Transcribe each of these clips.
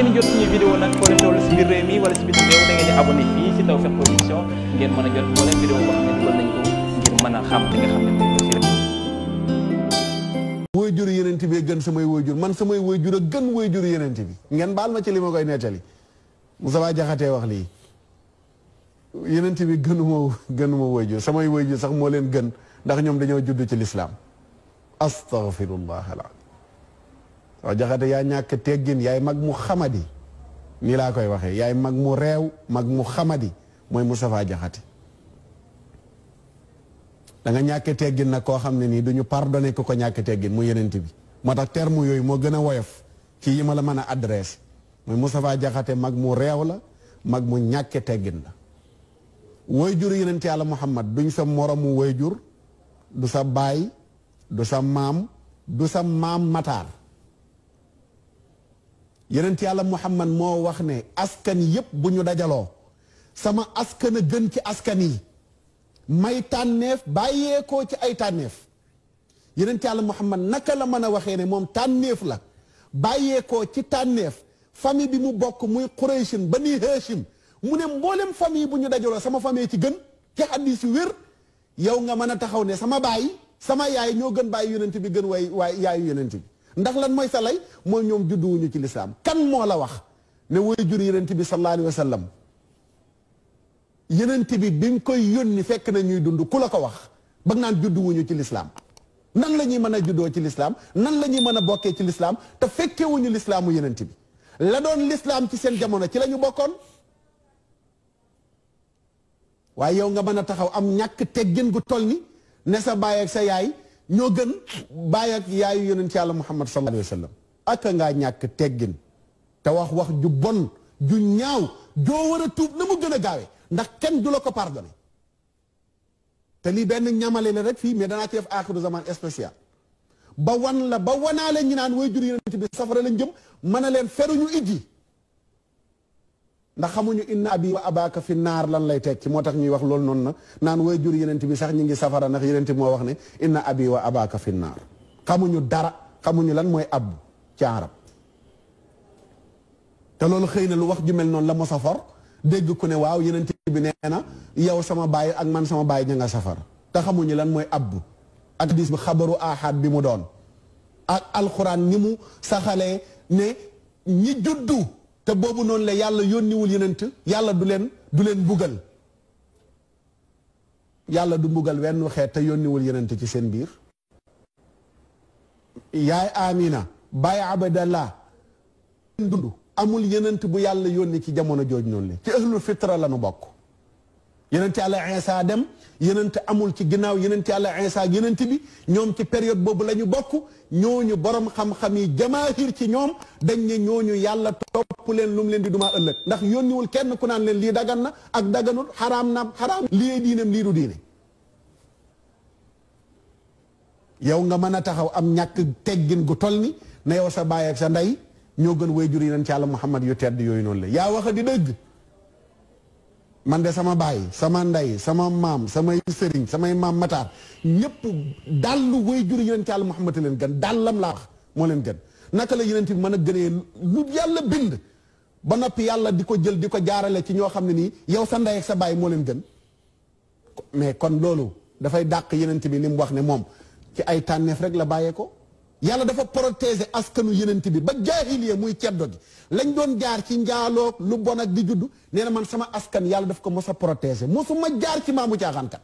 ngeen jot suñu vidéo nag foo leen toll si biir réew mi wala si biti a gën samay waajur man samay waajur a gën waajur yenent bi ngeen baal ma ci li ma koy nettali Moussa Jaxate wax lii yenent bi gënuma gënuma waajur samay waajur sax moo leen gën ndax ñoom dañoo judd ci lislaam astaghfirullah waaw jaxate yaa ñàkk teggin yaay mag mu xamadi nii laa koy waxee yaay mag mu reew mag mu xamadi mooy Moustapha Jaxate da nga ñàkk teggin nag koo xam ne nii du ñu pardonné ku ko ñàkk teggin mu yenent bi moo tax terme yooyu moo gën a woyof ci yi ma la mën a adresse mooy Moustapha Jaxate mag mu réew la mag mu ñàkk teggin la wayjur yenent yàlla Muhammad duñ sa moromu wayjur du sa baay du sa maam du sa maam mataar yonent yàlla muhammad moo wax ne askan yépp bu ñu dajaloo sama askan a gën ci askan yi may tànneef bàyyeekoo ci ay tànneef yonent yàlla muhammad naka la mën a waxee ne moom tànneef la bàyyeekoo ci tànneef famille bi mu bokk muy Qurayshin bani Hashim mu ne mboolem famille bu ñu dajaloo sama famille ci gën ci hadis yu wér yow nga mën a taxaw ne sama baay sama yaay ñoo gën baay yonent bi gën waay waay yaayu yonent bi ndax lan mooy sa lay mooy ñoom judduwuñu ci lislaam kan moo la wax ne way jur yenent bi sallallahu alayhi wa sallam yenent bi bi nga koy yónni fekk na ñuy dund ku la ko wax bag naan judduwuñu ci lislaam nan la ñuy mën a juddoo ci lislaam nan la ñuy mën a bokkee ci lislaam te fekkewuñu lislaamu yenent bi la doon lislaam ci seen jamono ci lañu bokkoon waaye yow nga mën a taxaw am ñàkk teggin gu toll ni ne sa baay ak sa yaay ñoo gën bàyyi ak yaayu yonent yàlla muhammad sallallahu alayhi wa sallam aka ngaa ñàkk teggin te wax wax ju bon ju ñaaw joo war a tuub na mu gën a gaawe ndax kenn du la ko pardonné te lii benn ñamale la rek fii mais danaa ci def aaxiru zaman spécial ba wan la ba wanaa leen ñu naan way jur yonent bi safara lañ jëm mën a leen ñu ijji ndax xamuñu inna abi wa abaka fi naar lan lay tekki moo tax ñuy wax loolu noonu na naan way jur yenent bi sax ñi ngi safara ndax yenent moo wax ne inna abi wa abaka fi naar xamuñu dara xamuñu lan mooy ab ci arab te loolu xëy na lu wax ju noonu la mos a for dégg ku ne waaw yenent bi nee yow sama baay ak man sama baay ña nga safara te xamuñu lan mooy ab ak hadis bi xabaru ahad bi mu doon ak alxuraan ni mu saxalee ne ñi juddu te boobu noonu la yàlla yónniwul yenent yàlla du leen du leen mbugal yàlla du mbugal wenn xeet te yónniwul yenent ci seen biir yaay amina baay abdallah dund amul yenent bu yàlla yónni ci jamono jooj noonu la ci ahlul fitra la nu bokk yenent yàlla Iisaa dem yenent amul ci ginnaaw yenent yàlla insa ak yenent bi ñoom ci période boobu lañu ñu bokk ñooñu borom xam-xam yi jamaahir ci ñoom dañ ne ñooñu yàlla topp leen lu leen di dumaa ëllëg ndax yónniwul kenn ku naan leen lii dagan na ak daganul xaraam na xaraam lii diineem lii du diine yow nga mën a taxaw am ñàkk teggin gu toll nii na yow sa baay ak sa ndey ñoo gën way jur yi nañ ci Yàlla Muhammad yu tedd yooyu noonu la yaa wax di dëgg man de sama baay sama ndey sama maam samay sëriñ samay maam mataar ñëpp dallu way jur yi nañ ci Yàlla Muhammad leen gën dàllam laa wax moo leen gën naka la yeneen bi mën a gënee lu yàlla bind ba noppi yàlla di ko jël di ko jaarale ci ñoo xam ne nii yow sa ndey ak sa baay moo leen gën mais kon loolu dafay dàq yenent bi ni mu wax ne moom ci ay tànneef rek la bàyyee ko yàlla dafa protéger askanu yenent bi ba jaahiliya muy ceddo di lañ doon jaar ci njaaloo lu bon ak di juddu nee na man sama askan yàlla daf ko mos a protéger mosuma jaar ci maamu caaxaankat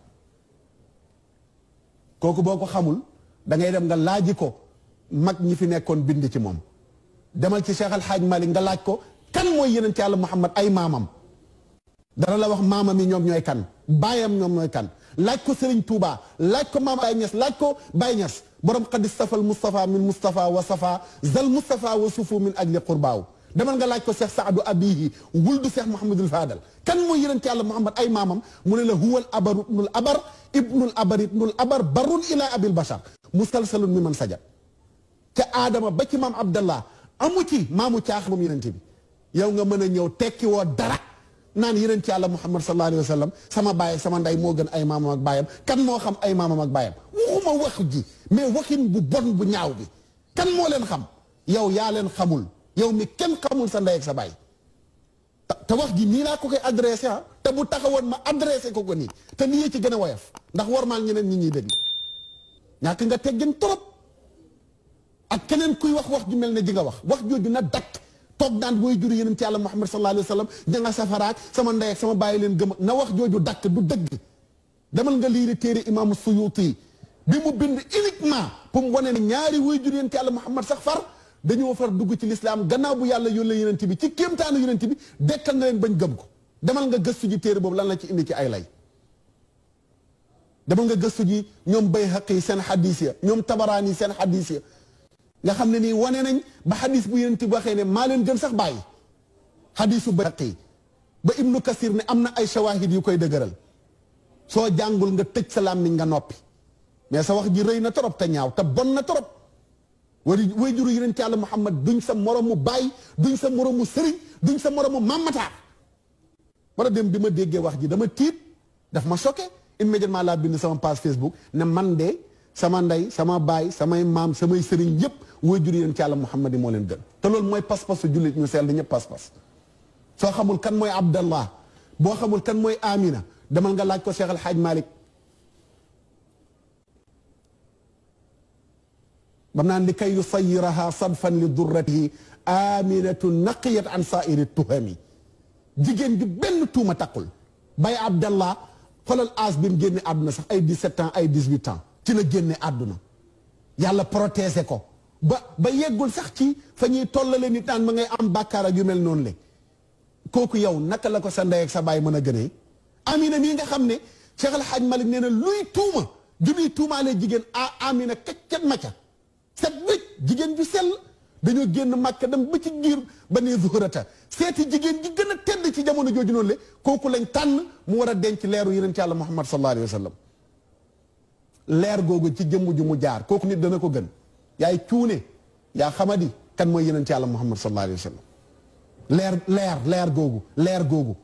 kooku boo ko xamul da ngay dem nga laaj ko mag ñi fi nekkoon bind ci moom demal ci Cheikh Al Hadj nga laaj ko kan mooy yonent yàlla Muhammad ay maamam dana la wax maamam yi ñoom ñooy kan baayam ñoom ñooy kan laaj ko Serigne Touba laaj ko maam Baye Niass laaj ko Baye Niass borom xadis safal Moustapha min Moustapha wa safa zal Moustapha wa suufu min ajli qurbaaw demal nga laaj ko Cheikh Saadu Abihi wuldu Cheikh Mouhamadul Fadal kan mooy yonent yàlla Muhammad ay maamam mu ne la huwal abaru ibnul abar ibnul abar ibnul abar barun ila abil bashar musalsalun mi man saja te aadama ba ci maam Abdallah amu ci maamu caax moom yonent bi yow nga mën a ñëw tekki woo dara naan yeneen ci yàlla muhammad sallallahu alayhi wa sallam sama baay sama ndey moo gën ay maamam ak baayam kan moo xam ay maamam ak baayam waxuma wax ji mais waxin bu bon bu ñaaw bi kan moo leen xam yow yaa leen xamul yow mi kenn xamul sa ndey ak sa baay te wax ji nii laa ko koy adressé ah te bu taxawoon ma adressé ko ko nii te nii ci gën a woyof ndax maal ñeneen ñi ñuy dégg ñàkk nga teggin trop ak keneen kuy wax wax ju mel ne ji nga wax wax jooju na dakk toog naan booy jur yeneen ci yàlla Muhammad sallallahu alayhi wa sallam ña nga safaraak sama ndey sama bàyyi leen gëm na wax jooju dakk du dëgg demal nga liiri téere imaamu Suyuuti bi mu bind uniquement pour mu wane ne ñaari way jur yeneen ci yàlla Muhammad sax far dañoo far dugg ci lislaam gannaaw bu yàlla yónnee yonent bi ci kéemtaanu yonent bi dekkal na leen bañ gëm ko demal nga gëstu ji téere boobu lan la ci indi ci ay lay demal nga gëstu ji ñoom Bayhaqi seen xadiis ya ñoom Tabaraani seen xadiis nga xam ne nii wane nañ ba xadis bu yéen ti waxee ne maa leen gën sax bàyyi xadisu baqi ba ibnu kasir ne am na ay shawahid yu koy dëgëral soo jàngul nga tëj sa làmmiñ nga noppi mais sa wax ji rëy na torop te ñaaw te bon na torop wari way juru yeneen ci yàlla muhammad duñ sa moromu baay duñ sa moromu sëriñ duñ sa moromu mamataar war a dem bi ma déggee wax ji dama tiit daf ma choqué immédiatement laa bind sama page Facebook ne man de sama ndey sama baay samay maam samay sëriñ yëpp waajur yi ci Yàlla Muhammad yi moo leen gën te loolu mooy pas-pasu jullit ñu sell ñëpp pas-pas soo xamul kan mooy Abdallah boo xamul kan mooy Amina demal nga laaj ko Cheikh El Hadj Malick bam naan li kay yusayiraha sadfan li durratihi aminatu naqiyat an saairi tuhami jigéen ju benn tuuma taqul bay Abdallah xoolal âge bi mu génne àdduna sax ay 17 ans ay 18 ans ci la génne àdduna yàlla protéger ko ba ba yeggul sax ci fa ñuy tollale nit naan ma ngay am bàkkaar a yu mel noonu le kooku yow naka la ko sa ndey ak sa baay mën a gënee amina mii nga xam ne Cheikh El Hadj Malick nee na luy tuuma ju muy tuumaale jigéen a amina kaccat macca set wécc jigéen ju sell dañoo génn màkka dem ba ci giir ba ne zuhrata seeti jigéen ji gën a tedd ci jamono jooju noonu le kooku lañ tànn mu war a denc leeru yonent Yàlla Muhammad sallallahu alayhi wa sallam leer googu ci jëmm ju mu jaar kooku nit dana ko gën yaay cuune yaa xamadi kan mooy yeneen ci yàlla muhammad sallallahu alayhi wa leer leer leer googu leer googu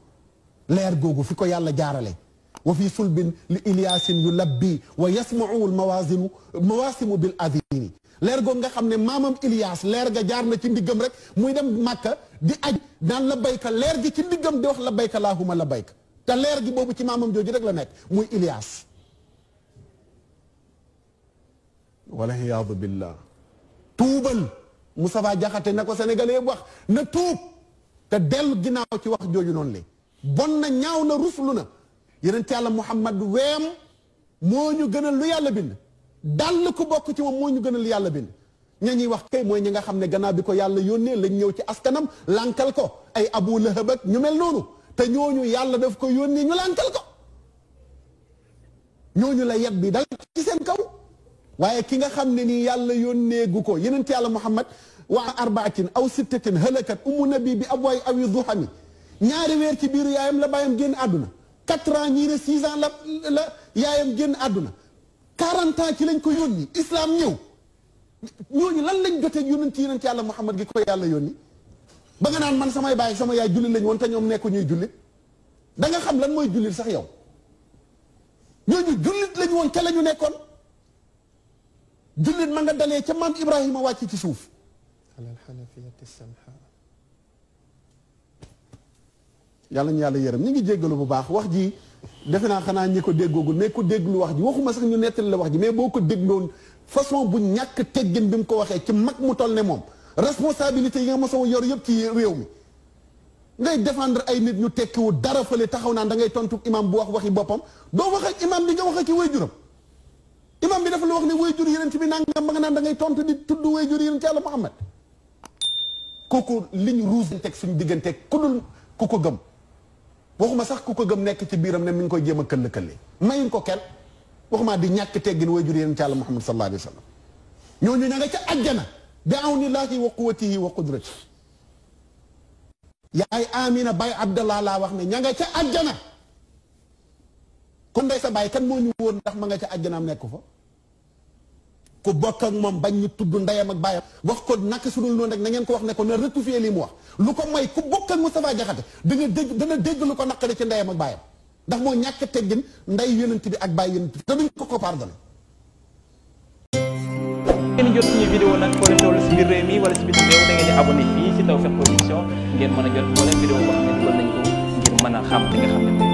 leer googu fi ko yàlla jaarale wa fi sulbin li ilyasin yu labbi wa yasmau l mawasinu mawasimu bil adini leer googu nga xam ne maamam Ilias leer ga jaar na ci ndiggam rek muy dem màkka di aj naan la bayka leer gi ci ndiggam di wax la bayka laahuma la bayka te leer gi boobu ci maamam jooju rek la nekk muy Ilias wala iyaadu billah tuubal safaa Diakhaté na ko senegal yëpp wax na tuub te dellu ginnaaw ci wax jooju noonu li bon na ñaaw na ruslu na yeneen ci yàlla Muhammad weem moo ñu gënal lu yàlla bind dal ku bokk ci moom moo ñu gënal lu yàlla bind ña ñuy wax kay mooy ñi nga xam ne gannaaw bi ko yàlla yónnee lañ ñëw ci askanam lànkal ko ay abu lahab ñu mel noonu te ñooñu yàlla def ko yónnee ñu lànkal ko ñooñu la yet bi dal ci seen kaw waaye ki nga xam ne nii yàlla yónneegu ko yeneen ci yàlla Muhammad waa arbaatin aw sittatin halakat umu nabi bi ab waay aw yu duxami ñaari weer ci biiru yaayam la bàyyam génn àdduna quatre ans ñii ne six la la yaayam génn àdduna quarante ans ci lañ ko yónni islam ñëw ñooñu lan lañ jotee yónent ci yónent yàlla Muhammad gi ko yàlla yónni ba nga naan man samay baay sama yaay jullit lañ woon te ñoom nekku ñuy jullit da nga xam lan mooy jullit sax yow ñooñu jullit lañ woon te la ñu nekkoon jullit ma nga dalee ca maam Ibrahima wàcc ci suuf yàlla ñu yàlla yërëm ñu ngi jéggalu bu baax wax ji defe naa xanaa ñi ko déggoogul mais ku déglu wax ji waxuma sax ñu nettali la wax ji mais boo ko dégloon façon bu ñàkk teggin bi mu ko waxee ci mag mu toll ne moom responsabilité yi nga mos a yor yëpp ci réew mi ngay défendre ay nit ñu tekkiwu dara fële taxaw naa da ngay tontu imam bu wax waxi boppam boo wax ak imam bi nga wax ak way waajuram imam bi dafa la wax ne way jur yonent bi nangam ba nga naan da ngay tontu di tudd way jur yonent yàlla Muhammad kooku ñu ruusanteeg suñu digganteeg ku dul ku ko gëm waxuma sax ku ko gëm nekk ci biiram ne mi ngi koy jéem a këll këlli mayuñ ko kenn waxuma di ñàkk teggin way jur yonent yàlla Muhammad sallallahu alayhi wa sallam ñooñu ña nga ca ajjana bi awnillahi wa quwatihi wa qudratihi yaay Amina Baye Abdallah laa wax ne ña nga ca ajjana kon ndey sa baay moo ñu woon ma nga ca ajjanaam nekk fa ku bokk moom bañ ni tudd ndeyam ak baayam wax ko naka su dul noonu rek na ngeen ko wax ne ko na rectifier li mu wax lu ko may ku bokk ak Moustapha Diakhaté danga dégg dana dégg lu ko naqari ci ndeyam ak baayam ndax moo ñàkk teggin ndey yonent bi ak baay te dañ ko ko pardonné ngeen jot suñu vidéo nag foo leen toll si biir réew mi wala si biir réew da a jot moo leen vidéo ngir mën a xam nga xam